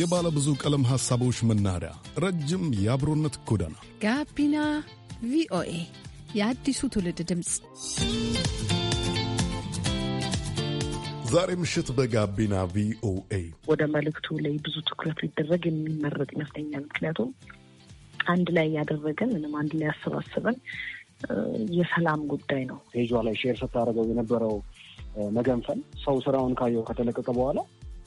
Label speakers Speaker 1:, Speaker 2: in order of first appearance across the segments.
Speaker 1: የባለ ብዙ ቀለም ሐሳቦች መናኸሪያ፣ ረጅም የአብሮነት ጎዳና
Speaker 2: ጋቢና ቪኦኤ የአዲሱ ትውልድ ድምፅ።
Speaker 1: ዛሬ ምሽት በጋቢና ቪኦኤ
Speaker 3: ወደ መልእክቱ ላይ ብዙ ትኩረት ሊደረግ የሚመረጥ ይመስለኛል። ምክንያቱም
Speaker 4: አንድ ላይ ያደረገን ምንም አንድ ላይ ያሰባስበን የሰላም ጉዳይ ነው። ፔጇ ላይ ሼር ስታደርገው የነበረው መገንፈል ሰው ስራውን ካየው ከተለቀቀ በኋላ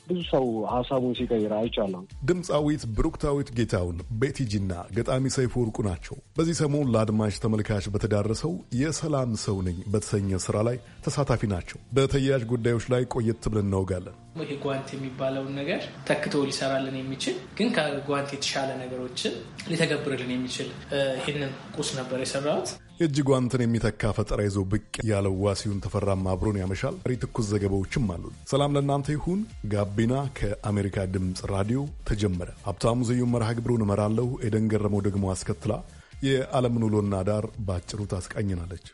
Speaker 4: ብዙ ሰው ሀሳቡን ሲቀይር አይቻለሁ።
Speaker 1: ድምፃዊት ብሩክታዊት ጌታውን፣ ቤቲጂና ገጣሚ ሰይፉ ወርቁ ናቸው። በዚህ ሰሞን ለአድማጭ ተመልካች በተዳረሰው የሰላም ሰው ነኝ በተሰኘ ስራ ላይ ተሳታፊ ናቸው። በተያያዥ ጉዳዮች ላይ ቆየት ብለን እናወጋለን።
Speaker 5: ይሄ ጓንት የሚባለውን ነገር ተክቶ ሊሰራልን የሚችል ግን ከጓንት የተሻለ ነገሮችን ሊተገብርልን የሚችል ይህንን ቁስ ነበር የሰራሁት።
Speaker 1: የእጅጉ አንተን የሚተካ ፈጠራ ይዞ ብቅ ያለው ዋሲሁን ተፈራም አብሮን ያመሻል። ሪ ትኩስ ዘገባዎችም አሉ። ሰላም ለእናንተ ይሁን። ጋቢና ከአሜሪካ ድምፅ ራዲዮ ተጀመረ። ሀብታሙ ዘዩን መርሃ ግብሩን እመራለሁ። ኤደን ገረመው ደግሞ አስከትላ የዓለምን ውሎና ዳር በአጭሩ ታስቃኝናለች።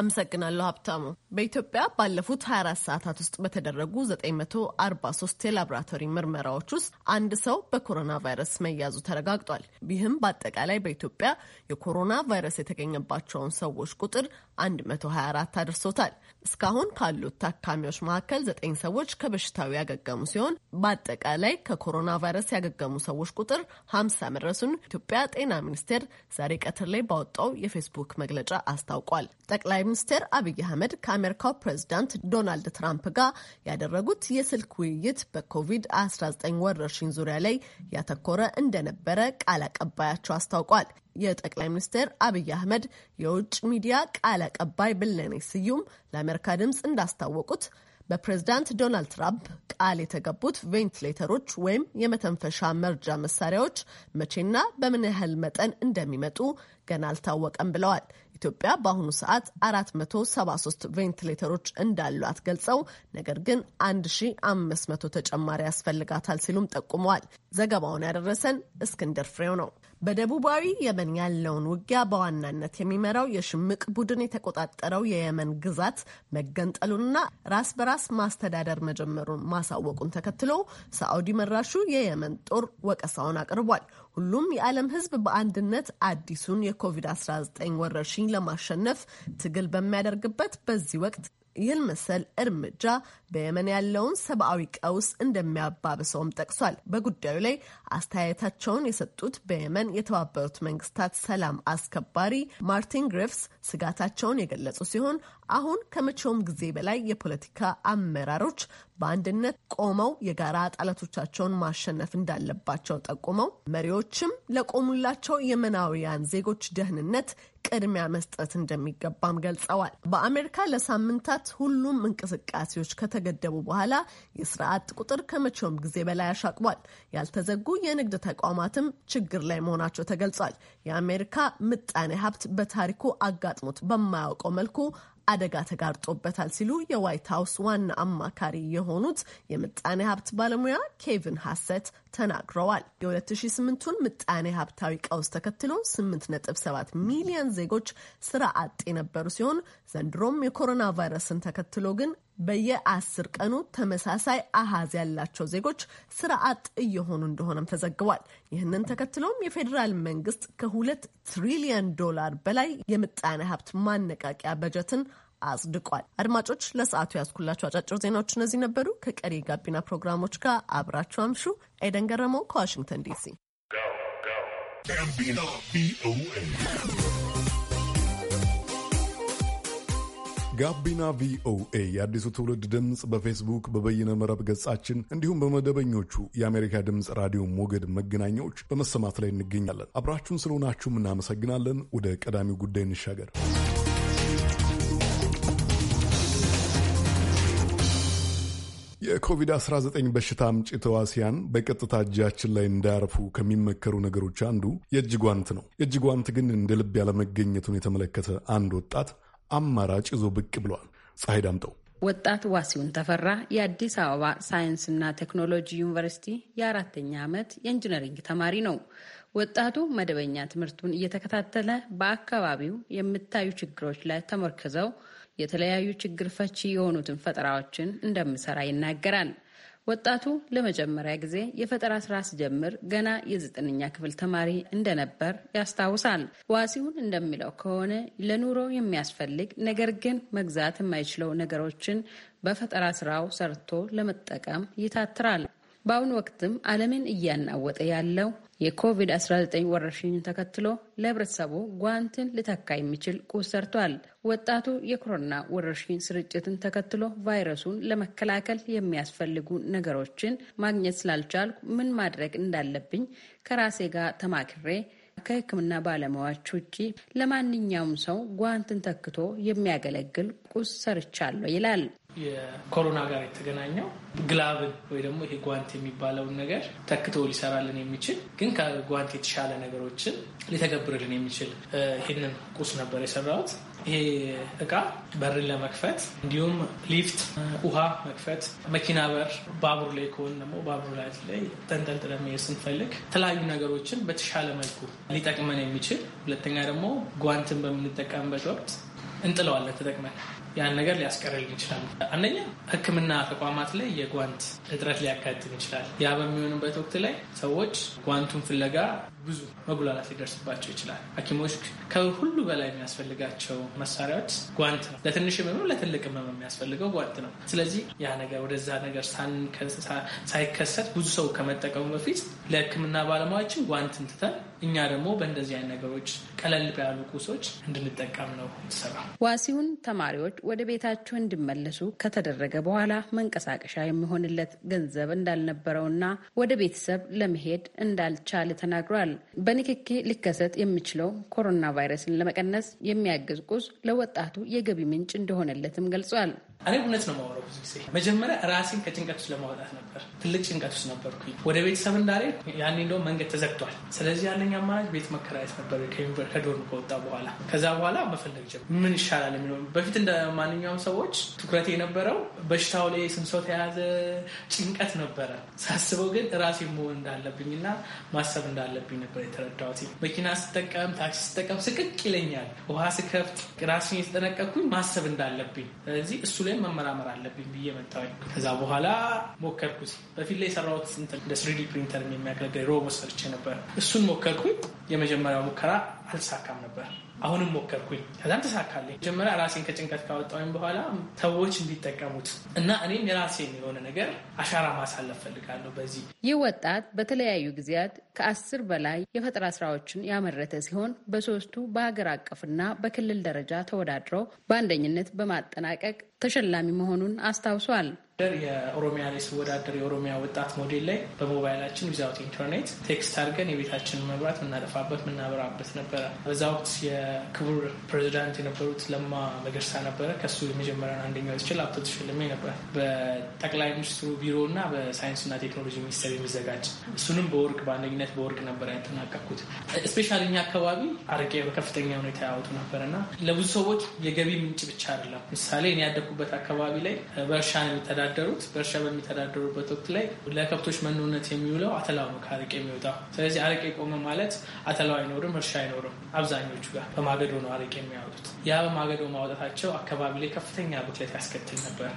Speaker 6: አመሰግናለሁ ሀብታሙ። በኢትዮጵያ ባለፉት 24 ሰዓታት ውስጥ በተደረጉ 943 የላቦራቶሪ ምርመራዎች ውስጥ አንድ ሰው በኮሮና ቫይረስ መያዙ ተረጋግጧል። ይህም በአጠቃላይ በኢትዮጵያ የኮሮና ቫይረስ የተገኘባቸውን ሰዎች ቁጥር 124 አድርሶታል። እስካሁን ካሉት ታካሚዎች መካከል ዘጠኝ ሰዎች ከበሽታው ያገገሙ ሲሆን በአጠቃላይ ከኮሮና ቫይረስ ያገገሙ ሰዎች ቁጥር 50 መድረሱን ኢትዮጵያ ጤና ሚኒስቴር ዛሬ ቀትር ላይ ባወጣው የፌስቡክ መግለጫ አስታውቋል። ጠቅላይ ጠቅላይ ሚኒስትር አብይ አህመድ ከአሜሪካው ፕሬዚዳንት ዶናልድ ትራምፕ ጋር ያደረጉት የስልክ ውይይት በኮቪድ-19 ወረርሽኝ ዙሪያ ላይ ያተኮረ እንደነበረ ቃል አቀባያቸው አስታውቋል። የጠቅላይ ሚኒስትር አብይ አህመድ የውጭ ሚዲያ ቃል አቀባይ ብለኔ ስዩም ለአሜሪካ ድምፅ እንዳስታወቁት በፕሬዝዳንት ዶናልድ ትራምፕ ቃል የተገቡት ቬንትሌተሮች ወይም የመተንፈሻ መርጃ መሳሪያዎች መቼና በምን ያህል መጠን እንደሚመጡ ገና አልታወቀም ብለዋል። ኢትዮጵያ በአሁኑ ሰዓት 473 ቬንትሌተሮች እንዳሏት ገልጸው ነገር ግን 1500 ተጨማሪ ያስፈልጋታል ሲሉም ጠቁመዋል። ዘገባውን ያደረሰን እስክንድር ፍሬው ነው። በደቡባዊ የመን ያለውን ውጊያ በዋናነት የሚመራው የሽምቅ ቡድን የተቆጣጠረው የየመን ግዛት መገንጠሉንና ራስ በራስ ማስተዳደር መጀመሩን ማሳወቁን ተከትሎ ሳዑዲ መራሹ የየመን ጦር ወቀሳውን አቅርቧል። ሁሉም የዓለም ሕዝብ በአንድነት አዲሱን የኮቪድ-19 ወረርሽኝ ለማሸነፍ ትግል በሚያደርግበት በዚህ ወቅት ይህን መሰል እርምጃ በየመን ያለውን ሰብአዊ ቀውስ እንደሚያባብሰውም ጠቅሷል። በጉዳዩ ላይ አስተያየታቸውን የሰጡት በየመን የተባበሩት መንግስታት ሰላም አስከባሪ ማርቲን ግሪፍስ ስጋታቸውን የገለጹ ሲሆን አሁን ከመቼውም ጊዜ በላይ የፖለቲካ አመራሮች በአንድነት ቆመው የጋራ ጠላቶቻቸውን ማሸነፍ እንዳለባቸው ጠቁመው መሪዎችም ለቆሙላቸው የመናውያን ዜጎች ደህንነት ቅድሚያ መስጠት እንደሚገባም ገልጸዋል። በአሜሪካ ለሳምንታት ሁሉም እንቅስቃሴዎች ከተገደቡ በኋላ የስራ አጥ ቁጥር ከመቼውም ጊዜ በላይ አሻቅቧል። ያልተዘጉ የንግድ ተቋማትም ችግር ላይ መሆናቸው ተገልጿል። የአሜሪካ ምጣኔ ሀብት በታሪኩ አጋጥሞት በማያውቀው መልኩ አደጋ ተጋርጦበታል ሲሉ የዋይት ሀውስ ዋና አማካሪ የሆኑት የምጣኔ ሀብት ባለሙያ ኬቪን ሀሰት ተናግረዋል። የ2008ቱን ምጣኔ ሀብታዊ ቀውስ ተከትሎ 8.7 ሚሊዮን ዜጎች ስራ አጥ የነበሩ ሲሆን ዘንድሮም የኮሮና ቫይረስን ተከትሎ ግን በየአስር ቀኑ ተመሳሳይ አሃዝ ያላቸው ዜጎች ስራ አጥ እየሆኑ እንደሆነም ተዘግቧል። ይህንን ተከትሎም የፌዴራል መንግስት ከሁለት ትሪሊየን ዶላር በላይ የምጣኔ ሀብት ማነቃቂያ በጀትን አጽድቋል። አድማጮች፣ ለሰዓቱ ያስኩላቸው አጫጭር ዜናዎች እነዚህ ነበሩ። ከቀሪ ጋቢና ፕሮግራሞች ጋር አብራችሁ አምሹ። ኤደን ገረመው
Speaker 1: ከዋሽንግተን ዲሲ ጋቢና ቪኦኤ የአዲሱ ትውልድ ድምፅ በፌስቡክ በበይነ መረብ ገጻችን እንዲሁም በመደበኞቹ የአሜሪካ ድምፅ ራዲዮ ሞገድ መገናኛዎች በመሰማት ላይ እንገኛለን። አብራችሁን ስለሆናችሁም እናመሰግናለን። ወደ ቀዳሚው ጉዳይ እንሻገር። የኮቪድ-19 በሽታ አምጪ ተዋሲያን በቀጥታ እጃችን ላይ እንዳያርፉ ከሚመከሩ ነገሮች አንዱ የእጅ ጓንት ነው። የእጅ ጓንት ግን እንደ ልብ ያለመገኘቱን የተመለከተ አንድ ወጣት አማራጭ ይዞ ብቅ ብሏል። ፀሐይ ዳምጠው
Speaker 2: ወጣት ዋሲውን ተፈራ የአዲስ አበባ ሳይንስና ቴክኖሎጂ ዩኒቨርሲቲ የአራተኛ ዓመት የኢንጂነሪንግ ተማሪ ነው። ወጣቱ መደበኛ ትምህርቱን እየተከታተለ በአካባቢው የምታዩ ችግሮች ላይ ተመርክዘው የተለያዩ ችግር ፈቺ የሆኑትን ፈጠራዎችን እንደምሰራ ይናገራል። ወጣቱ ለመጀመሪያ ጊዜ የፈጠራ ስራ ሲጀምር ገና የዘጠነኛ ክፍል ተማሪ እንደነበር ያስታውሳል። ዋሲሁን እንደሚለው ከሆነ ለኑሮ የሚያስፈልግ ነገር ግን መግዛት የማይችለው ነገሮችን በፈጠራ ስራው ሰርቶ ለመጠቀም ይታትራል። በአሁኑ ወቅትም ዓለምን እያናወጠ ያለው የኮቪድ-19 ወረርሽኝን ተከትሎ ለህብረተሰቡ ጓንትን ሊተካ የሚችል ቁስ ሰርቷል። ወጣቱ የኮሮና ወረርሽኝ ስርጭትን ተከትሎ ቫይረሱን ለመከላከል የሚያስፈልጉ ነገሮችን ማግኘት ስላልቻልኩ ምን ማድረግ እንዳለብኝ ከራሴ ጋር ተማክሬ ከሕክምና ባለሙያዎች ውጪ ለማንኛውም ሰው ጓንትን ተክቶ የሚያገለግል ቁስ ሰርቻለሁ ይላል።
Speaker 5: የኮሮና ጋር የተገናኘው ግላብን ወይ ደግሞ ይሄ ጓንት የሚባለውን ነገር ተክቶ ሊሰራልን የሚችል ግን ከጓንት የተሻለ ነገሮችን ሊተገብርልን የሚችል ይህንን ቁስ ነበር የሰራሁት። ይሄ እቃ በርን ለመክፈት እንዲሁም ሊፍት፣ ውሃ መክፈት፣ መኪና በር፣ ባቡር ላይ ከሆን ደግሞ ባቡር ላይ ላይ ተንጠልጥለ መሄድ ስንፈልግ የተለያዩ ነገሮችን በተሻለ መልኩ ሊጠቅመን የሚችል ሁለተኛ ደግሞ ጓንትን በምንጠቀምበት ወቅት እንጥለዋለን ተጠቅመን ያን ነገር ሊያስቀርልን ይችላል። አንደኛ ሕክምና ተቋማት ላይ የጓንት እጥረት ሊያጋጥም ይችላል። ያ በሚሆንበት ወቅት ላይ ሰዎች ጓንቱን ፍለጋ ብዙ መጉላላት ሊደርስባቸው ይችላል። ሐኪሞች ከሁሉ በላይ የሚያስፈልጋቸው መሳሪያዎች ጓንት ነው። ለትንሽ ህመም፣ ለትልቅ ህመም የሚያስፈልገው ጓንት ነው። ስለዚህ ያ ነገር ወደዛ ነገር ሳይከሰት ብዙ ሰው ከመጠቀሙ በፊት ለህክምና ባለሙያዎችን ጓንትን ትተን እኛ ደግሞ በእንደዚህ አይነት ነገሮች ቀለል ያሉ ቁሶች እንድንጠቀም ነው ስራ።
Speaker 2: ዋሲውን ተማሪዎች ወደ ቤታቸው እንዲመለሱ ከተደረገ በኋላ መንቀሳቀሻ የሚሆንለት ገንዘብ እንዳልነበረውና ወደ ቤተሰብ ለመሄድ እንዳልቻለ ተናግሯል። በንክኪ ሊከሰት የሚችለው ኮሮና ቫይረስን ለመቀነስ የሚያግዝ ቁስ ለወጣቱ የገቢ ምንጭ እንደሆነለትም ገልጿል።
Speaker 5: እኔ እውነት ነው የማወራው። ብዙ ጊዜ መጀመሪያ ራሴን ከጭንቀት ውስጥ ለማውጣት ነበር። ትልቅ ጭንቀት ውስጥ ነበርኩኝ። ወደ ቤተሰብ እንዳለ ያኔ እንደውም መንገድ ተዘግቷል። ስለዚህ ያለኝ አማራጭ ቤት መከራየት ነበር ከዶርም ከወጣ በኋላ። ከዛ በኋላ መፈለግ ጀመርኩ፣ ምን ይሻላል የሚለው። በፊት እንደ ማንኛውም ሰዎች ትኩረት የነበረው በሽታው ላይ ስም ሰው ተያዘ ጭንቀት ነበረ። ሳስበው ግን ራሴ መሆን እንዳለብኝ እና ማሰብ እንዳለብኝ ነበር የተረዳሁት። መኪና ስጠቀም፣ ታክሲ ስጠቀም ስቅቅ ይለኛል። ውሃ ስከፍት ራሴን የተጠነቀኩኝ ማሰብ እንዳለብኝ ስለዚህ እሱ ላይ ጉዳይ መመራመር አለብኝ ብዬ መጣሁኝ። ከዛ በኋላ ሞከርኩት። በፊት ላይ የሰራሁት ስንት እንደ ስሪዲ ፕሪንተር የሚያገለግል ሮቦት ሰርቼ ነበር። እሱን ሞከርኩኝ። የመጀመሪያው ሙከራ አልተሳካም ነበር። አሁንም ሞከርኩኝ። ከዛም ተሳካልኝ። መጀመሪያ ራሴን ከጭንቀት ካወጣሁኝ በኋላ ሰዎች እንዲጠቀሙት እና እኔም የራሴን የሆነ ነገር አሻራ ማሳለፍ ፈልጋለሁ። በዚህ
Speaker 2: ይህ ወጣት በተለያዩ ጊዜያት ከአስር በላይ የፈጠራ ስራዎችን ያመረተ ሲሆን በሶስቱ በሀገር አቀፍና በክልል ደረጃ ተወዳድረው በአንደኝነት በማጠናቀቅ ተሸላሚ መሆኑን አስታውሷል።
Speaker 5: የኦሮሚያ ላይ ስወዳደር የኦሮሚያ ወጣት ሞዴል ላይ በሞባይላችን ዊዛውት ኢንተርኔት ቴክስት አድርገን የቤታችንን መብራት የምናጠፋበት የምናበራበት ነበረ። በዛ ወቅት የክቡር ፕሬዚዳንት የነበሩት ለማ መገርሳ ነበረ። ከሱ የመጀመሪያን አንደኛው ስችል ላፕቶፕ ተሸልሜ ነበር። በጠቅላይ ሚኒስትሩ ቢሮ እና በሳይንስና ቴክኖሎጂ ሚኒስቴር የሚዘጋጅ እሱንም በወርቅ በአንደኝነት በወርቅ ነበር ያጠናቀቅኩት። ስፔሻል እኛ አካባቢ አርቄ በከፍተኛ ሁኔታ ያወጡ ነበር እና ለብዙ ሰዎች የገቢ ምንጭ ብቻ አይደለም። ምሳሌ እኔ ያደኩበት አካባቢ ላይ በእርሻ የሚተዳደ የሚተዳደሩት በእርሻ በሚተዳደሩበት ወቅት ላይ ለከብቶች መኖነት የሚውለው አተላው ነው ከአረቄ የሚወጣው። ስለዚህ አረቄ ቆመ ማለት አተላው አይኖርም፣ እርሻ አይኖርም። አብዛኞቹ ጋር በማገዶ ነው አረቄ የሚያወጡት። ያ በማገዶ ማውጣታቸው አካባቢ ላይ ከፍተኛ ብክለት ያስከትል ነበር።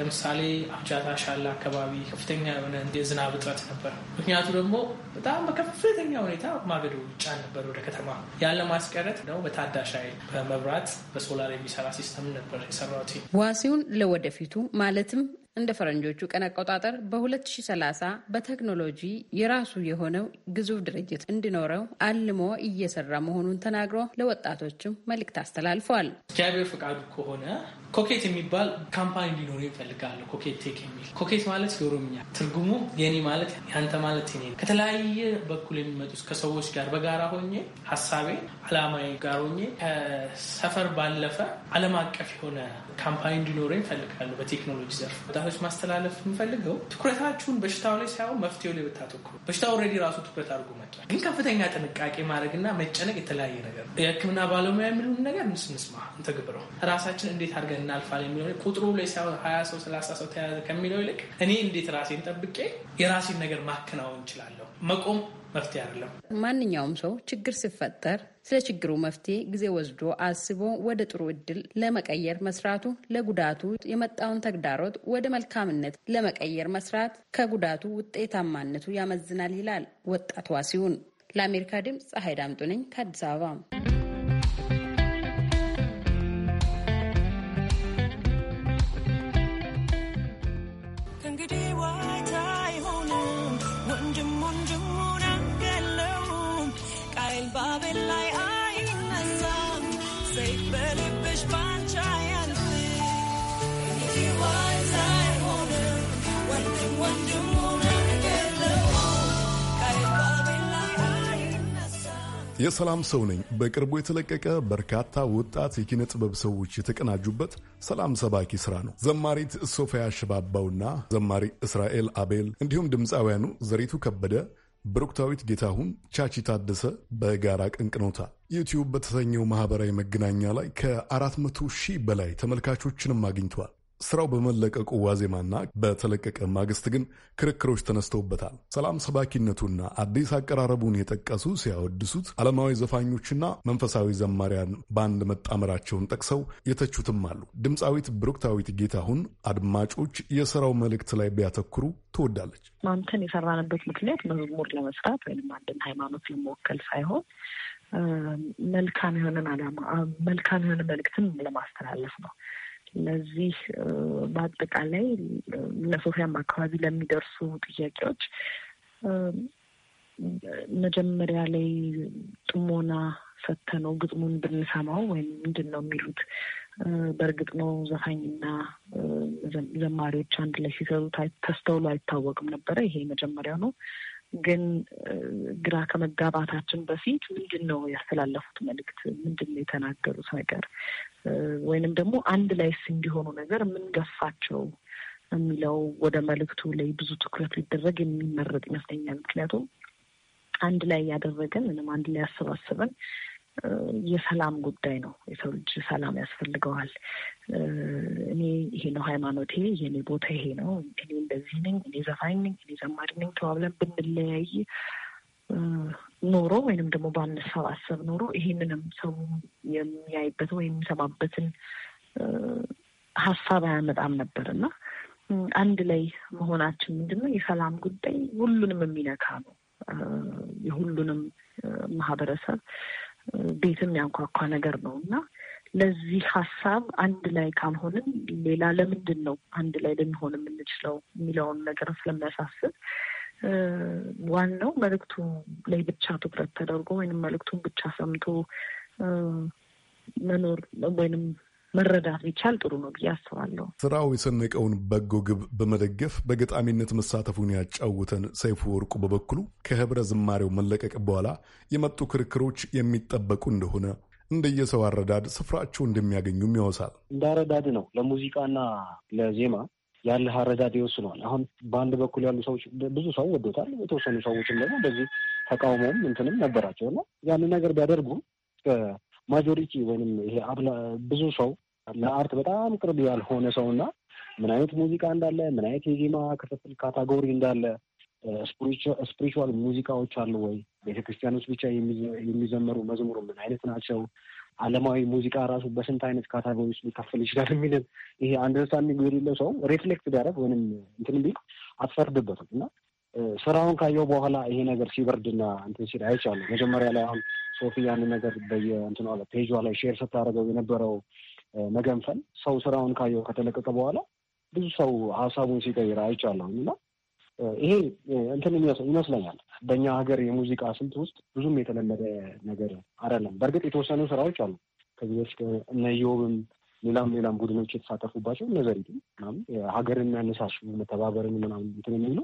Speaker 5: ለምሳሌ አብጃታ ሻላ አካባቢ ከፍተኛ የሆነ የዝናብ እጥረት ነበር። ምክንያቱ ደግሞ በጣም በከፍተኛ ሁኔታ ማገዶ ይጫን ነበር ወደ ከተማ። ያን ለማስቀረት ነው በታዳሽ ኃይል በመብራት በሶላር የሚሰራ ሲስተም ነበር የሰራት
Speaker 2: ዋሲውን ለወደፊቱ ማለትም እንደ ፈረንጆቹ ቀን አቆጣጠር በ2030 በቴክኖሎጂ የራሱ የሆነው ግዙፍ ድርጅት እንዲኖረው አልሞ እየሰራ መሆኑን ተናግሮ ለወጣቶችም መልእክት አስተላልፏል።
Speaker 5: እግዚአብሔር ፈቃዱ ከሆነ ኮኬት የሚባል ካምፓኒ እንዲኖር ይፈልጋለሁ። ኮኬት ቴክ የሚል ኮኬት ማለት የኦሮምኛ ትርጉሙ የኔ ማለት ያንተ ማለት ኔ ከተለያየ በኩል የሚመጡት ከሰዎች ጋር በጋራ ሆኜ ሀሳቤ አላማዊ ጋር ሆኜ ከሰፈር ባለፈ ዓለም አቀፍ የሆነ ካምፓኒ እንዲኖረ ይፈልጋለሁ በቴክኖሎጂ ዘርፍ ለአጋሮች ማስተላለፍ የምፈልገው ትኩረታችሁን በሽታው ላይ ሳይሆን መፍትሄው ላይ ብታተኩሩ። በሽታው ኦልሬዲ ራሱ ትኩረት አድርጎ መጥቷል። ግን ከፍተኛ ጥንቃቄ ማድረግና መጨነቅ የተለያየ ነገር ነው። የሕክምና ባለሙያ የሚሉን ነገር እንስንስማ እንተግብረው። ራሳችን እንዴት አድርገን እናልፋል የሚለው ቁጥሩ ላይ ሳይሆን ሀያ ሰው ሰላሳ ሰው ተያዘ ከሚለው ይልቅ እኔ እንዴት ራሴን ጠብቄ የራሴን ነገር ማከናወን እችላለሁ መቆም መፍትሄ አይደለም።
Speaker 2: ማንኛውም ሰው ችግር ሲፈጠር ስለ ችግሩ መፍትሄ ጊዜ ወስዶ አስቦ ወደ ጥሩ እድል ለመቀየር መስራቱ ለጉዳቱ የመጣውን ተግዳሮት ወደ መልካምነት ለመቀየር መስራት ከጉዳቱ ውጤታማነቱ ያመዝናል ይላል ወጣቷ ሲሆን ለአሜሪካ ድምፅ ፀሐይ ዳምጡ ነኝ ከአዲስ አበባ
Speaker 1: የሰላም ሰው ነኝ በቅርቡ የተለቀቀ በርካታ ወጣት የኪነ ጥበብ ሰዎች የተቀናጁበት ሰላም ሰባኪ ስራ ነው። ዘማሪት ሶፊያ ሽባባውና ዘማሪ እስራኤል አቤል እንዲሁም ድምፃውያኑ ዘሪቱ ከበደ ብሩክታዊት ጌታሁን፣ ቻቺ ታደሰ በጋራ ቀንቅኖታል። ዩቲዩብ በተሰኘው ማህበራዊ መገናኛ ላይ ከአራት መቶ ሺህ በላይ ተመልካቾችንም አግኝተዋል። ስራው በመለቀቁ ዋዜማና በተለቀቀ ማግስት ግን ክርክሮች ተነስተውበታል። ሰላም ሰባኪነቱና አዲስ አቀራረቡን የጠቀሱ ሲያወድሱት ዓለማዊ ዘፋኞችና መንፈሳዊ ዘማሪያን በአንድ መጣመራቸውን ጠቅሰው የተቹትም አሉ። ድምፃዊት ብሩክታዊት ጌታሁን አድማጮች የስራው መልእክት ላይ ቢያተኩሩ ትወዳለች።
Speaker 3: ማምተን የሰራንበት ምክንያት መዝሙር ለመስራት ወይም አንድን ሃይማኖት ለመወከል ሳይሆን መልካም የሆነን ዓላማ መልካም የሆነ መልእክትን ለማስተላለፍ ነው። እነዚህ በአጠቃላይ ለሶፊያም አካባቢ ለሚደርሱ ጥያቄዎች መጀመሪያ ላይ ጥሞና ሰተነው ግጥሙን ብንሰማው ወይም ምንድን ነው የሚሉት በእርግጥ ነው ዘፋኝና ዘማሪዎች አንድ ላይ ሲሰሩ ተስተውሎ አይታወቅም ነበረ። ይሄ መጀመሪያው ነው። ግን ግራ ከመጋባታችን በፊት ምንድን ነው ያስተላለፉት መልእክት? ምንድን ነው የተናገሩት ነገር? ወይንም ደግሞ አንድ ላይስ እንዲሆኑ ነገር ምን ገፋቸው የሚለው ወደ መልእክቱ ላይ ብዙ ትኩረት ሊደረግ የሚመረጥ ይመስለኛል። ምክንያቱም አንድ ላይ ያደረገን ወይም አንድ ላይ ያሰባስበን የሰላም ጉዳይ ነው። የሰው ልጅ ሰላም ያስፈልገዋል። እኔ ይሄ ነው ሃይማኖቴ፣ የኔ ቦታ ይሄ ነው፣ እኔ እንደዚህ ነኝ፣ እኔ ዘፋኝ ነኝ፣ እኔ ዘማሪ ነኝ ተባብለን ብንለያይ ኖሮ ወይንም ደግሞ ባንሰባሰብ ኖሮ ይሄንንም ሰው የሚያይበት ወይም የሚሰማበትን ሀሳብ አያመጣም ነበር እና አንድ ላይ መሆናችን ምንድነው የሰላም ጉዳይ ሁሉንም የሚነካ ነው። የሁሉንም ማህበረሰብ ቤትም ያንኳኳ ነገር ነው እና ለዚህ ሀሳብ አንድ ላይ ካልሆንም ሌላ ለምንድን ነው አንድ ላይ ልንሆን የምንችለው የሚለውን ነገር ስለሚያሳስብ ዋናው መልእክቱ ላይ ብቻ ትኩረት ተደርጎ ወይንም መልእክቱን ብቻ ሰምቶ መኖር ወይንም መረዳት ቢቻል ጥሩ ነው ብዬ አስባለሁ።
Speaker 1: ስራው የሰነቀውን በጎ ግብ በመደገፍ በገጣሚነት መሳተፉን ያጫውተን ሰይፉ ወርቁ በበኩሉ ከህብረ ዝማሬው መለቀቅ በኋላ የመጡ ክርክሮች የሚጠበቁ እንደሆነ እንደየሰው አረዳድ ስፍራቸው እንደሚያገኙም ያወሳል።
Speaker 4: እንደ አረዳድ ነው። ለሙዚቃና ለዜማ ያለ አረዳድ ይወስነዋል። አሁን በአንድ በኩል ያሉ ሰዎች ብዙ ሰው ወዶታል። የተወሰኑ ሰዎችም ደግሞ በዚህ ተቃውሞም እንትንም ነበራቸው እና ያንን ነገር ቢያደርጉ ማጆሪቲ ወይም ይሄ ብዙ ሰው ለአርት በጣም ቅርብ ያልሆነ ሰው እና ምን አይነት ሙዚቃ እንዳለ ምን አይነት የዜማ ክፍፍል ካታጎሪ እንዳለ ስፕሪቹዋል ሙዚቃዎች አሉ ወይ? ቤተክርስቲያኖች ብቻ የሚዘመሩ መዝሙሩ ምን አይነት ናቸው? አለማዊ ሙዚቃ ራሱ በስንት አይነት ካታጎሪዎች ሊከፈል ይችላል የሚልን ይሄ አንደርስታንዲንግ የሌለው ሰው ሪፍሌክት ቢያደርግ ወይም እንትን ቢል አትፈርድበትም እና ስራውን ካየው በኋላ ይሄ ነገር ሲበርድና እንትን ሲል አይቻሉ መጀመሪያ ላይ አሁን ሶፊ ያን ነገር በየእንትኗ ፔጇ ላይ ሼር ስታደርገው የነበረው መገንፈል ሰው ስራውን ካየው ከተለቀቀ በኋላ ብዙ ሰው ሀሳቡን ሲቀይር አይቻለሁ እና ይሄ እንትን ይመስለኛል በእኛ ሀገር የሙዚቃ ስልት ውስጥ ብዙም የተለመደ ነገር አይደለም። በእርግጥ የተወሰኑ ስራዎች አሉ ከዚህ በፊት እነ ዮብም ሌላም ሌላም ቡድኖች የተሳተፉባቸው እነ ምናምን ሀገርን የሚያነሳሱ መተባበርን ምናምን እንትን የሚሉ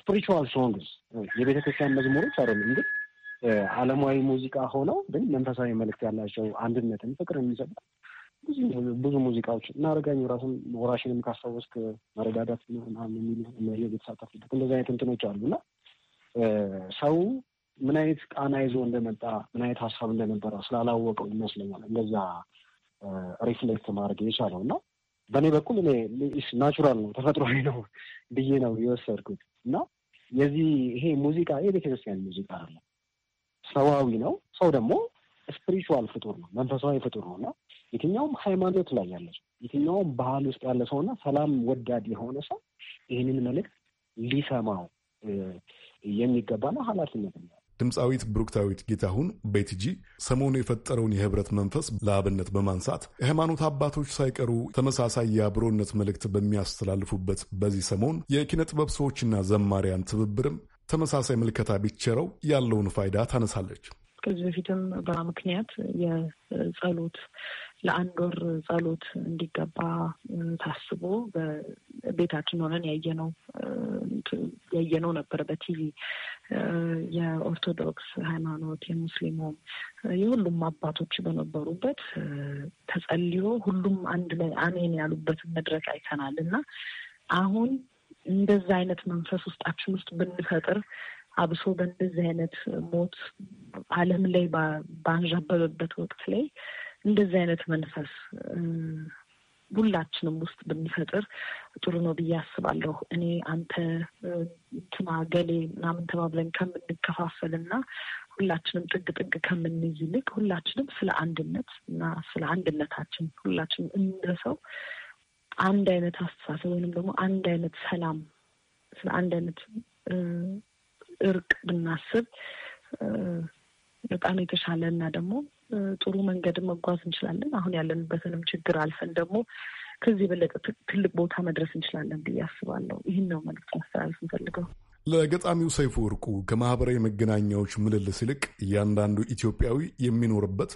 Speaker 4: ስፒሪቹዋል ሶንግስ የቤተክርስቲያን መዝሙሮች አይደለም ግን ዓለማዊ ሙዚቃ ሆነው ግን መንፈሳዊ መልእክት ያላቸው አንድነትን፣ ፍቅርን የሚሰብኩ ብዙ ሙዚቃዎች እና አረጋኝ ራሱን ወራሽንም ካስታወስክ መረዳዳት የሚሉ የተሳተፉበት እንደዚህ አይነት እንትኖች አሉና ሰው ምን አይነት ቃና ይዞ እንደመጣ ምን አይነት ሀሳብ እንደነበረ ስላላወቀው ይመስለኛል እንደዛ ሪፍሌክት ማድረግ የቻለው እና በእኔ በኩል እኔ ናቹራል ነው ተፈጥሯዊ ነው ብዬ ነው የወሰድኩት እና የዚህ ይሄ ሙዚቃ የቤተክርስቲያን ሙዚቃ አለ ሰዋዊ ነው። ሰው ደግሞ ስፒሪቹዋል ፍጡር ነው፣ መንፈሳዊ ፍጡር ነው እና የትኛውም ሃይማኖት ላይ ያለ ሰው የትኛውም ባህል ውስጥ ያለ ሰው እና ሰላም ወዳድ የሆነ ሰው ይህንን መልእክት ሊሰማው የሚገባ ነው፣ ኃላፊነት ነው።
Speaker 1: ድምፃዊት ብሩክታዊት ጌታሁን ቤትጂ ሰሞኑ የፈጠረውን የህብረት መንፈስ ለአብነት በማንሳት የሃይማኖት አባቶች ሳይቀሩ ተመሳሳይ የአብሮነት መልእክት በሚያስተላልፉበት በዚህ ሰሞን የኪነ ጥበብ ሰዎችና ዘማሪያን ትብብርም ተመሳሳይ ምልከታ ቢቸረው ያለውን ፋይዳ ታነሳለች።
Speaker 3: ከዚህ በፊትም በምክንያት የጸሎት ለአንድ ወር ጸሎት እንዲገባ ታስቦ በቤታችን ሆነን ያየነው ያየነው ነበረ በቲቪ የኦርቶዶክስ ሃይማኖት የሙስሊሙም የሁሉም አባቶች በነበሩበት ተጸልዮ ሁሉም አንድ ላይ አሜን ያሉበትን መድረክ አይተናል እና አሁን እንደዛ አይነት መንፈስ ውስጣችን ውስጥ ብንፈጥር አብሶ በእንደዚህ አይነት ሞት ዓለም ላይ ባንዣበበበት ወቅት ላይ እንደዚህ አይነት መንፈስ ሁላችንም ውስጥ ብንፈጥር ጥሩ ነው ብዬ አስባለሁ። እኔ አንተ እንትና ገሌ ምናምን ተባብለን ከምንከፋፈል እና ሁላችንም ጥግ ጥግ ከምንይዝ ይልቅ ሁላችንም ስለ አንድነት እና ስለ አንድነታችን ሁላችንም እንደሰው አንድ አይነት አስተሳሰብ ወይንም ደግሞ አንድ አይነት ሰላም፣ ስለ አንድ አይነት እርቅ ብናስብ በጣም የተሻለ እና ደግሞ ጥሩ መንገድ መጓዝ እንችላለን። አሁን ያለንበትንም ችግር አልፈን ደግሞ ከዚህ የበለጠ ትልቅ ቦታ መድረስ እንችላለን ብዬ አስባለሁ። ይህን ነው መልዕክት ማስተላለፍ እንፈልገው።
Speaker 1: ለገጣሚው ሰይፉ ወርቁ ከማኅበራዊ መገናኛዎች ምልልስ ይልቅ እያንዳንዱ ኢትዮጵያዊ የሚኖርበት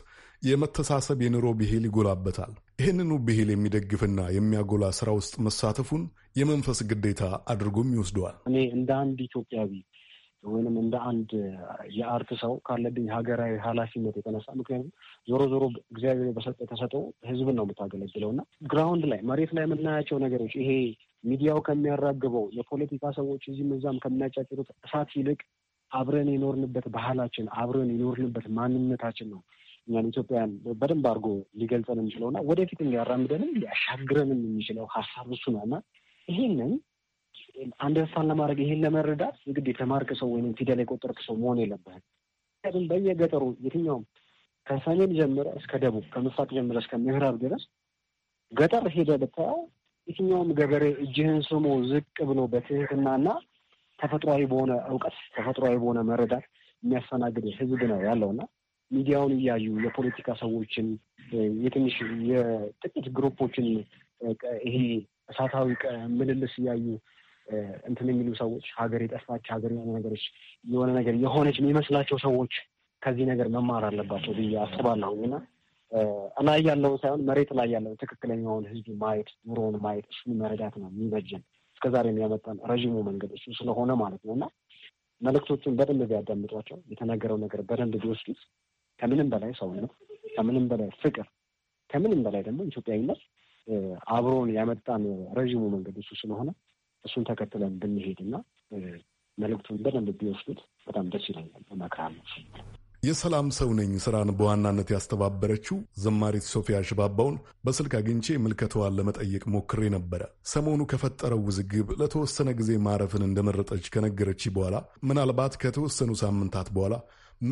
Speaker 1: የመተሳሰብ የኑሮ ብሄል ይጎላበታል። ይህንኑ ብሄል የሚደግፍና የሚያጎላ ስራ ውስጥ መሳተፉን የመንፈስ ግዴታ አድርጎም ይወስደዋል።
Speaker 4: እኔ እንደ አንድ ኢትዮጵያዊ ወይንም እንደ አንድ የአርት ሰው ካለብኝ ሀገራዊ ኃላፊነት የተነሳ ምክንያቱም ዞሮ ዞሮ እግዚአብሔር የተሰጠው ህዝብን ነው የምታገለግለው እና ግራውንድ ላይ መሬት ላይ የምናያቸው ነገሮች ይሄ ሚዲያው ከሚያራግበው የፖለቲካ ሰዎች እዚህም እዛም ከሚያጫጭሩት እሳት ይልቅ አብረን የኖርንበት ባህላችን አብረን የኖርንበት ማንነታችን ነው እኛን ኢትዮጵያን በደንብ አድርጎ ሊገልጸን የሚችለው የሚችለውና ወደፊት እንዲያራምደንም ሊያሻግረንም የሚችለው ሀሳብ እሱ ነው እና ይህንን አንደርስታን ለማድረግ ይሄን ለመረዳት እንግዲህ የተማርክ ሰው ወይም ፊደል የቆጠርክ ሰው መሆን የለብህም። ግን በየገጠሩ የትኛውም ከሰሜን ጀምረ እስከ ደቡብ ከምስራቅ ጀምረ እስከ ምህራብ ድረስ ገጠር ሄደ ብታየው የትኛውም ገበሬ እጅህን ስሞ ዝቅ ብሎ በትህትናና ተፈጥሯዊ በሆነ እውቀት ተፈጥሯዊ በሆነ መረዳት የሚያስተናግድ ህዝብ ነው ያለውና ሚዲያውን እያዩ የፖለቲካ ሰዎችን የትንሽ የጥቂት ግሩፖችን ይሄ እሳታዊ ምልልስ እያዩ እንትን የሚሉ ሰዎች ሀገር የጠፋች ሀገር የሆነ ነገሮች የሆነ ነገር የሆነች የሚመስላቸው ሰዎች ከዚህ ነገር መማር አለባቸው ብዬ አስባለሁኝ እና ላይ ያለው ሳይሆን መሬት ላይ ያለው ትክክለኛውን ህዝብ ማየት፣ ኑሮውን ማየት፣ እሱ መረዳት ነው የሚበጀን። እስከዛሬም ያመጣን ረዥሙ መንገድ እሱ ስለሆነ ማለት ነው እና መልእክቶቹን በደንብ ቢያዳምጧቸው፣ የተነገረው ነገር በደንብ ቢወስዱት፣ ከምንም በላይ ሰውነት፣ ከምንም በላይ ፍቅር፣ ከምንም በላይ ደግሞ ኢትዮጵያዊነት አብሮን ያመጣን ረዥሙ መንገድ እሱ ስለሆነ እሱን ተከትለን ብንሄድ እና መልእክቱን በደንብ ቢወስዱት በጣም ደስ ይለኛል። እመክራለሁ።
Speaker 1: የሰላም ሰው ነኝ ስራን በዋናነት ያስተባበረችው ዘማሪት ሶፊያ ሽባባውን በስልክ አግኝቼ ምልከተዋን ለመጠየቅ ሞክሬ ነበረ። ሰሞኑ ከፈጠረው ውዝግብ ለተወሰነ ጊዜ ማረፍን እንደመረጠች ከነገረች በኋላ ምናልባት ከተወሰኑ ሳምንታት በኋላ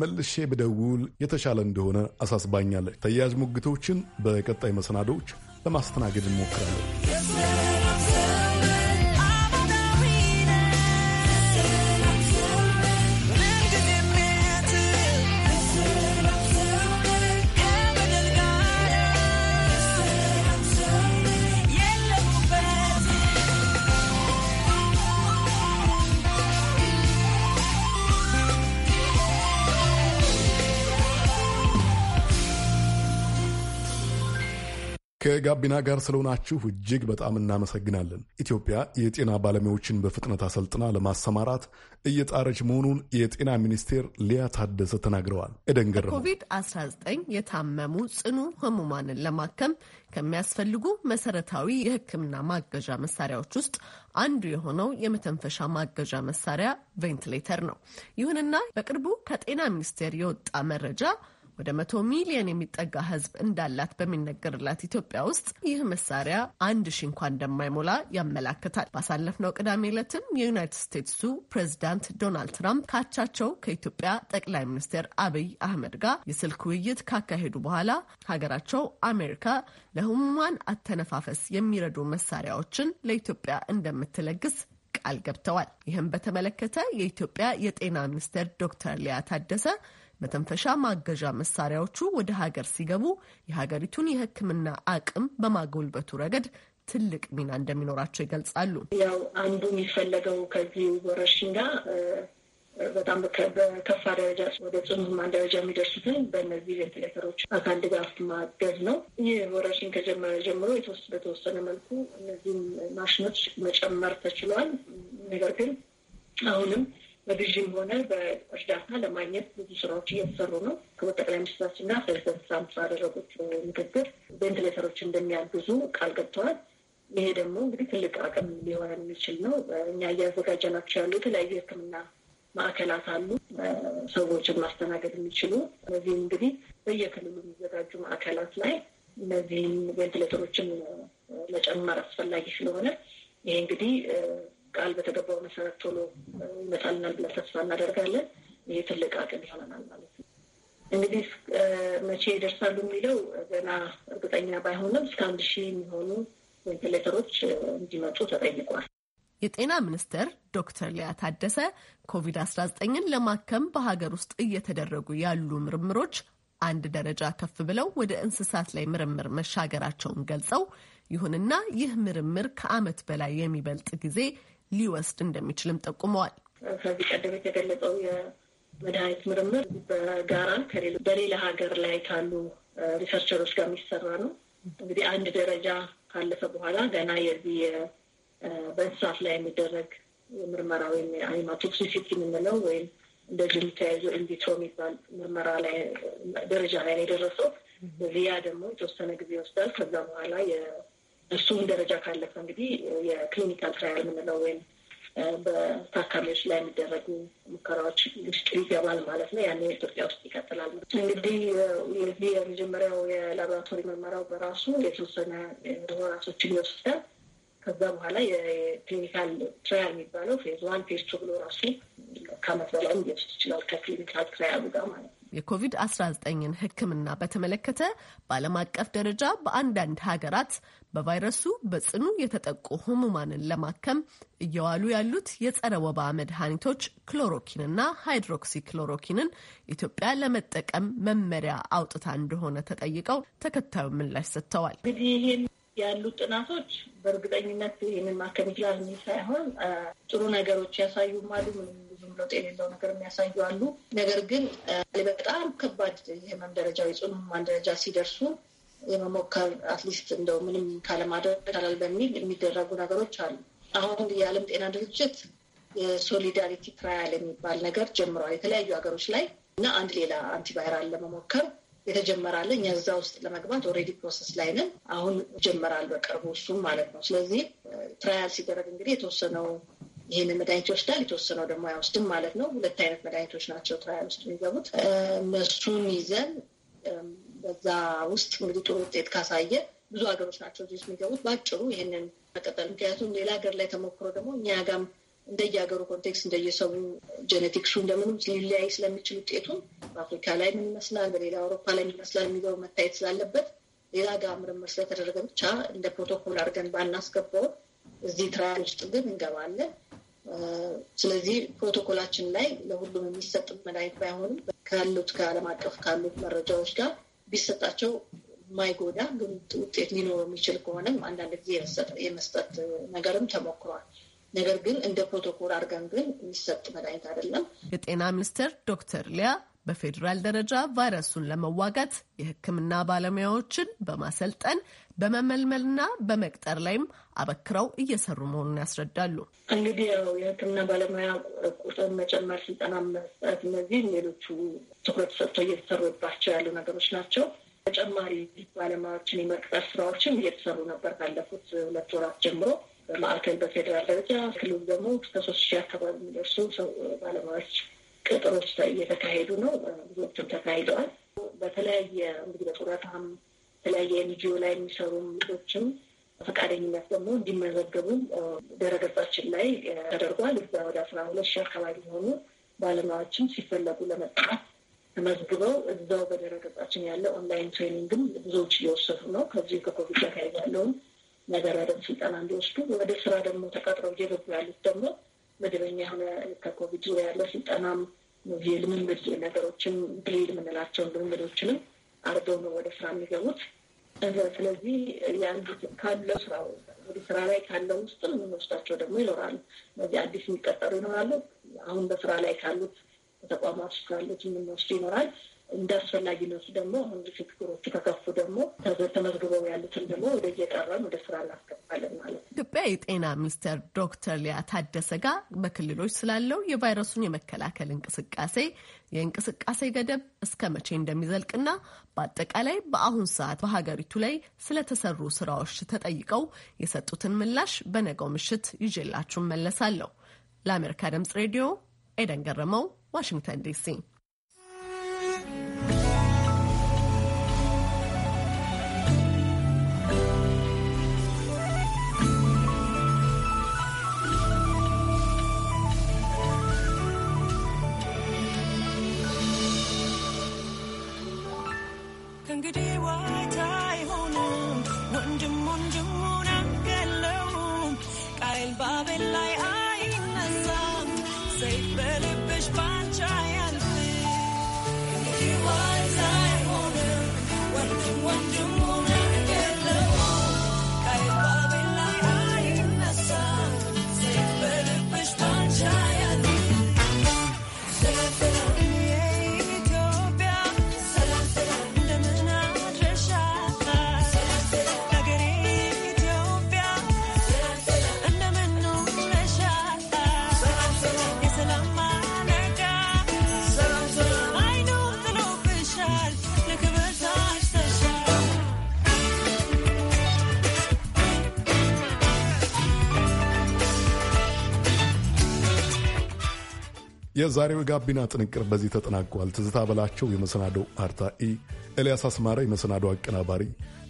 Speaker 1: መልሼ ብደውል የተሻለ እንደሆነ አሳስባኛለች። ተያያዥ ሙግቶችን በቀጣይ መሰናዶዎች ለማስተናገድ እንሞክራለን። ከጋቢና ጋር ስለሆናችሁ እጅግ በጣም እናመሰግናለን። ኢትዮጵያ የጤና ባለሙያዎችን በፍጥነት አሰልጥና ለማሰማራት እየጣረች መሆኑን የጤና ሚኒስቴር ሊያ ታደሰ ተናግረዋል። ኤደን ገረመው
Speaker 6: 19 የታመሙ ጽኑ ህሙማንን ለማከም ከሚያስፈልጉ መሰረታዊ የህክምና ማገዣ መሳሪያዎች ውስጥ አንዱ የሆነው የመተንፈሻ ማገዣ መሳሪያ ቬንትሌተር ነው። ይሁንና በቅርቡ ከጤና ሚኒስቴር የወጣ መረጃ ወደ መቶ ሚሊዮን የሚጠጋ ህዝብ እንዳላት በሚነገርላት ኢትዮጵያ ውስጥ ይህ መሳሪያ አንድ ሺ እንኳ እንደማይሞላ ያመላክታል። ባሳለፍነው ቅዳሜ ዕለትም የዩናይትድ ስቴትሱ ፕሬዚዳንት ዶናልድ ትራምፕ ካቻቸው ከኢትዮጵያ ጠቅላይ ሚኒስትር አብይ አህመድ ጋር የስልክ ውይይት ካካሄዱ በኋላ ሀገራቸው አሜሪካ ለህሙማን አተነፋፈስ የሚረዱ መሳሪያዎችን ለኢትዮጵያ እንደምትለግስ ቃል ገብተዋል። ይህም በተመለከተ የኢትዮጵያ የጤና ሚኒስቴር ዶክተር ሊያ ታደሰ መተንፈሻ ማገዣ መሳሪያዎቹ ወደ ሀገር ሲገቡ የሀገሪቱን የሕክምና አቅም በማጎልበቱ ረገድ ትልቅ ሚና እንደሚኖራቸው ይገልጻሉ።
Speaker 7: ያው አንዱ የሚፈለገው ከዚህ ወረርሽኝ ጋር በጣም በከፋ ደረጃ ወደ ጽኑ ህሙማን ደረጃ የሚደርሱትን በእነዚህ ቬንትሌተሮች አካል ድጋፍ ማገዝ ነው። ይህ ወረርሽኝ ከጀመረ ጀምሮ በተወሰነ መልኩ እነዚህም ማሽኖች መጨመር ተችሏል። ነገር ግን አሁንም በግዥም ሆነ በእርዳታ ለማግኘት ብዙ ስራዎች እየተሰሩ ነው። ክቡር ጠቅላይ ሚኒስትራችንና ፕሬዚደንት ትራምፕ ባደረጉት ንግግር ቬንትሌተሮች እንደሚያግዙ ቃል ገብተዋል። ይሄ ደግሞ እንግዲህ ትልቅ አቅም ሊሆን የሚችል ነው። እኛ እያዘጋጀናቸው ያሉ የተለያዩ የሕክምና ማዕከላት አሉ፣ ሰዎችን ማስተናገድ የሚችሉ እነዚህ እንግዲህ በየክልሉ የሚዘጋጁ ማዕከላት ላይ እነዚህም ቬንትሌተሮችን መጨመር አስፈላጊ ስለሆነ ይሄ እንግዲህ ቃል በተገባው መሰረት ቶሎ ይመጣልናል ብለን ተስፋ እናደርጋለን። ይህ ትልቅ አቅም ይሆነናል ማለት ነው። እንግዲህ መቼ ይደርሳሉ የሚለው ገና እርግጠኛ ባይሆንም እስከ አንድ ሺህ የሚሆኑ ቬንትሌተሮች እንዲመጡ ተጠይቋል።
Speaker 6: የጤና ሚኒስቴር ዶክተር ሊያ ታደሰ ኮቪድ-19ን ለማከም በሀገር ውስጥ እየተደረጉ ያሉ ምርምሮች አንድ ደረጃ ከፍ ብለው ወደ እንስሳት ላይ ምርምር መሻገራቸውን ገልጸው ይሁንና ይህ ምርምር ከዓመት በላይ የሚበልጥ ጊዜ ሊወስድ እንደሚችልም ጠቁመዋል።
Speaker 7: ከዚህ ቀደም የተገለጸው የመድኃኒት ምርምር በጋራ በሌላ ሀገር ላይ ካሉ ሪሰርቸሮች ጋር የሚሰራ ነው። እንግዲህ አንድ ደረጃ ካለፈ በኋላ ገና የዚህ በእንስሳት ላይ የሚደረግ ምርመራ ወይም አኒማል ቶክሲሲቲ የምንለው ወይም እንደዚህ የሚተያዙ ኢንቪትሮ የሚባል ምርመራ ላይ ደረጃ ላይ ነው የደረሰው። በዚያ ደግሞ የተወሰነ ጊዜ ይወስዳል። ከዛ በኋላ እሱም ደረጃ ካለፈ እንግዲህ የክሊኒካል ትራያል የምንለው ወይም በታካሚዎች ላይ የሚደረጉ ሙከራዎች ውስጥ ይገባል ማለት ነው። ያኔ ኢትዮጵያ ውስጥ ይቀጥላል። እንግዲህ የዚህ የመጀመሪያው የላቦራቶሪ ምርመራው በራሱ የተወሰነ ወራቶችን ይወስዳል። ከዛ በኋላ የክሊኒካል ትራያል የሚባለው ፌዝ ዋን ፌዝ ቱ ብሎ ራሱ ከዓመት በላይ ሊወስድ ይችላል ከክሊኒካል ትራያሉ ጋር ማለት ነው።
Speaker 6: የኮቪድ-19ን ሕክምና በተመለከተ በዓለም አቀፍ ደረጃ በአንዳንድ ሀገራት በቫይረሱ በጽኑ የተጠቁ ህሙማንን ለማከም እየዋሉ ያሉት የጸረ ወባ መድኃኒቶች ክሎሮኪንና ሃይድሮክሲ ክሎሮኪንን ኢትዮጵያ ለመጠቀም መመሪያ አውጥታ እንደሆነ ተጠይቀው
Speaker 7: ተከታዩ ምላሽ ሰጥተዋል። እንግዲህ ይህን ያሉ ጥናቶች በእርግጠኝነት ይህንን ማከም ይችላል የሚል ሳይሆን ጥሩ ነገሮች ያሳዩም አሉ፣ ምንም ብዙም ለውጥ የሌለው ነገር የሚያሳዩ አሉ። ነገር ግን በጣም ከባድ የህመም ደረጃ የጽኑ ህሙማን ደረጃ ሲደርሱ የመሞከር አትሊስት እንደው ምንም ካለማድረግ ይቻላል በሚል የሚደረጉ ነገሮች አሉ። አሁን የዓለም ጤና ድርጅት የሶሊዳሪቲ ትራያል የሚባል ነገር ጀምረዋል የተለያዩ ሀገሮች ላይ እና አንድ ሌላ አንቲቫይራል ለመሞከር የተጀመራለ እኛ እዛ ውስጥ ለመግባት ኦልሬዲ ፕሮሰስ ላይ ነን። አሁን ይጀመራል በቅርቡ እሱም ማለት ነው። ስለዚህ ትራያል ሲደረግ እንግዲህ የተወሰነው ይህንን መድኃኒት ይወስዳል፣ የተወሰነው ደግሞ አይወስድም ማለት ነው። ሁለት አይነት መድኃኒቶች ናቸው ትራያል ውስጥ የሚገቡት። እነሱን ይዘን በዛ ውስጥ እንግዲህ ጥሩ ውጤት ካሳየ ብዙ ሀገሮች ናቸው እዚህ የሚገቡት። በአጭሩ ይህንን መቀጠል ምክንያቱም ሌላ ሀገር ላይ ተሞክሮ ደግሞ እኛ ጋም እንደየሀገሩ ኮንቴክስት እንደየሰቡ ጀኔቲክሱ እንደምንም ሊለያይ ስለሚችል ውጤቱን በአፍሪካ ላይ ምን ይመስላል፣ በሌላ አውሮፓ ላይ ምን ይመስላል የሚለው መታየት ስላለበት ሌላ ጋር ምርምር ስለተደረገ ብቻ እንደ ፕሮቶኮል አድርገን ባናስገባው እዚህ ትራል ውስጥ ግን እንገባለን። ስለዚህ ፕሮቶኮላችን ላይ ለሁሉም የሚሰጥ መድኃኒት ባይሆንም ካሉት ከዓለም አቀፍ ካሉት መረጃዎች ጋር ቢሰጣቸው ማይጎዳ ግን ውጤት ሊኖረው የሚችል ከሆነም አንዳንድ ጊዜ የመስጠት ነገርም ተሞክሯል። ነገር ግን እንደ ፕሮቶኮል አድርገን ግን የሚሰጥ መድኃኒት አይደለም።
Speaker 6: የጤና ሚኒስቴር ዶክተር ሊያ በፌዴራል ደረጃ ቫይረሱን ለመዋጋት የሕክምና ባለሙያዎችን በማሰልጠን በመመልመልና በመቅጠር ላይም አበክረው እየሰሩ መሆኑን ያስረዳሉ።
Speaker 7: እንግዲህ ያው የሕክምና ባለሙያ ቁጥር መጨመር፣ ስልጠና መስጠት፣ እነዚህ ሌሎቹ ትኩረት ሰጥቶ እየተሰሩባቸው ያሉ ነገሮች ናቸው። ተጨማሪ ባለሙያዎችን የመቅጠር ስራዎችም እየተሰሩ ነበር ካለፉት ሁለት ወራት ጀምሮ በማዕከል በፌዴራል ደረጃ ክልል ደግሞ እስከ ሶስት ሺህ አካባቢ የሚደርሱ ሰው ባለሙያዎች ቅጥሮች እየተካሄዱ ነው። ብዙዎችም ተካሂደዋል። በተለያየ እንግዲህ በጡረታም የተለያየ ኤንጂኦ ላይ የሚሰሩ ምጦችም ፈቃደኝነት ደግሞ እንዲመዘገቡ ድረገጻችን ላይ ተደርጓል። እዛ ወደ አስራ ሁለት ሺህ አካባቢ የሆኑ ባለሙያዎችም ሲፈለጉ ለመጣት ተመዝግበው እዛው በድረገጻችን ያለ ኦንላይን ትሬኒንግም ብዙዎች እየወሰዱ ነው። ከዚህ ከኮቪድ ጋር ያለውን ነገር መደራረብ ስልጠና እንዲወስዱ ወደ ስራ ደግሞ ተቀጥረው እየገቡ ያሉት ደግሞ መደበኛ የሆነ ከኮቪድ ዙሪያ ያለ ስልጠናም እነዚህ ልምምድ ነገሮችን ብሌድ የምንላቸውን ልምምዶችንም አርገው ነው ወደ ስራ የሚገቡት። ስለዚህ የአንዱ ካለው ስራ ወደ ስራ ላይ ካለው ውስጥ የምንወስዳቸው ደግሞ ይኖራሉ። እነዚህ አዲስ የሚቀጠሩ ይኖራሉ። አሁን በስራ ላይ ካሉት ተቋማት ውስጥ ካሉት የምንወስዱ ይኖራል። እንደ አስፈላጊነቱ ደግሞ አሁን ችግሮቹ ከከፉ ደግሞ ተመዝግበው ያሉትን ደግሞ ወደ እየጠራን ወደ ስራ እናስገባለን ማለት
Speaker 6: ነው። ኢትዮጵያ የጤና ሚኒስቴር ዶክተር ሊያ ታደሰ ጋር በክልሎች ስላለው የቫይረሱን የመከላከል እንቅስቃሴ የእንቅስቃሴ ገደብ እስከ መቼ እንደሚዘልቅና በአጠቃላይ በአሁን ሰዓት በሀገሪቱ ላይ ስለተሰሩ ስራዎች ተጠይቀው የሰጡትን ምላሽ በነገው ምሽት ይዤላችሁ መለሳለሁ። ለአሜሪካ ድምጽ ሬዲዮ ኤደን ገረመው፣ ዋሽንግተን ዲሲ
Speaker 1: የዛሬው የጋቢና ጥንቅር በዚህ ተጠናቋል። ትዝታ በላቸው የመሰናዶው አርታኢ፣ ኤልያስ አስማራ የመሰናዶ አቀናባሪ፣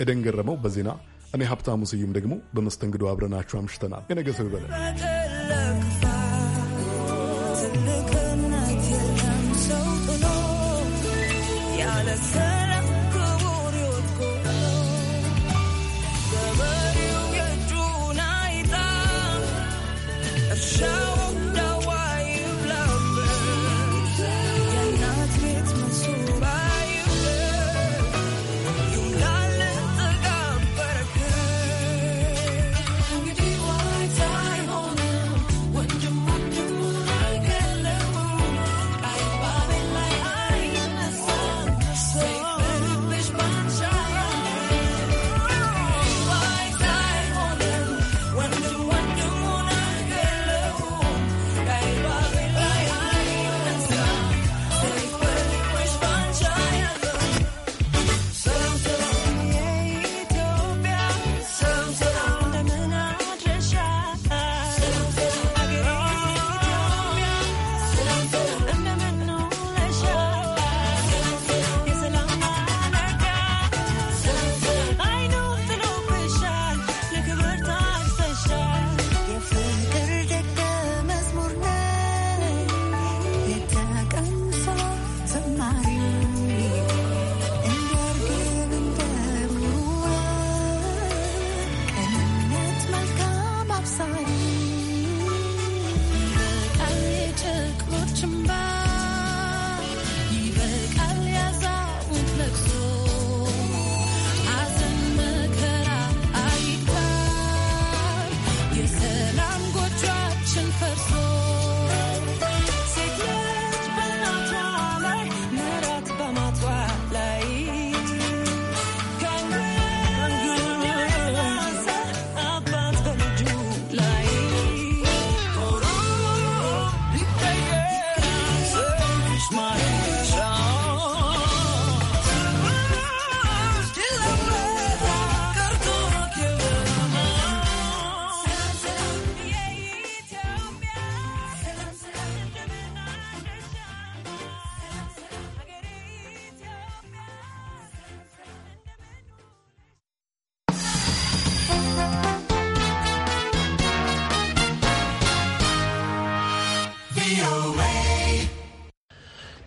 Speaker 1: ኤደን ገረመው በዜና እኔ ሀብታሙ ስዩም ደግሞ በመስተንግዶ አብረናችሁ አምሽተናል። የነገ ሰው ይበለን።
Speaker 8: i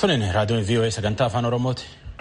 Speaker 4: Tunin raadiyoon VOS sagantaa afaan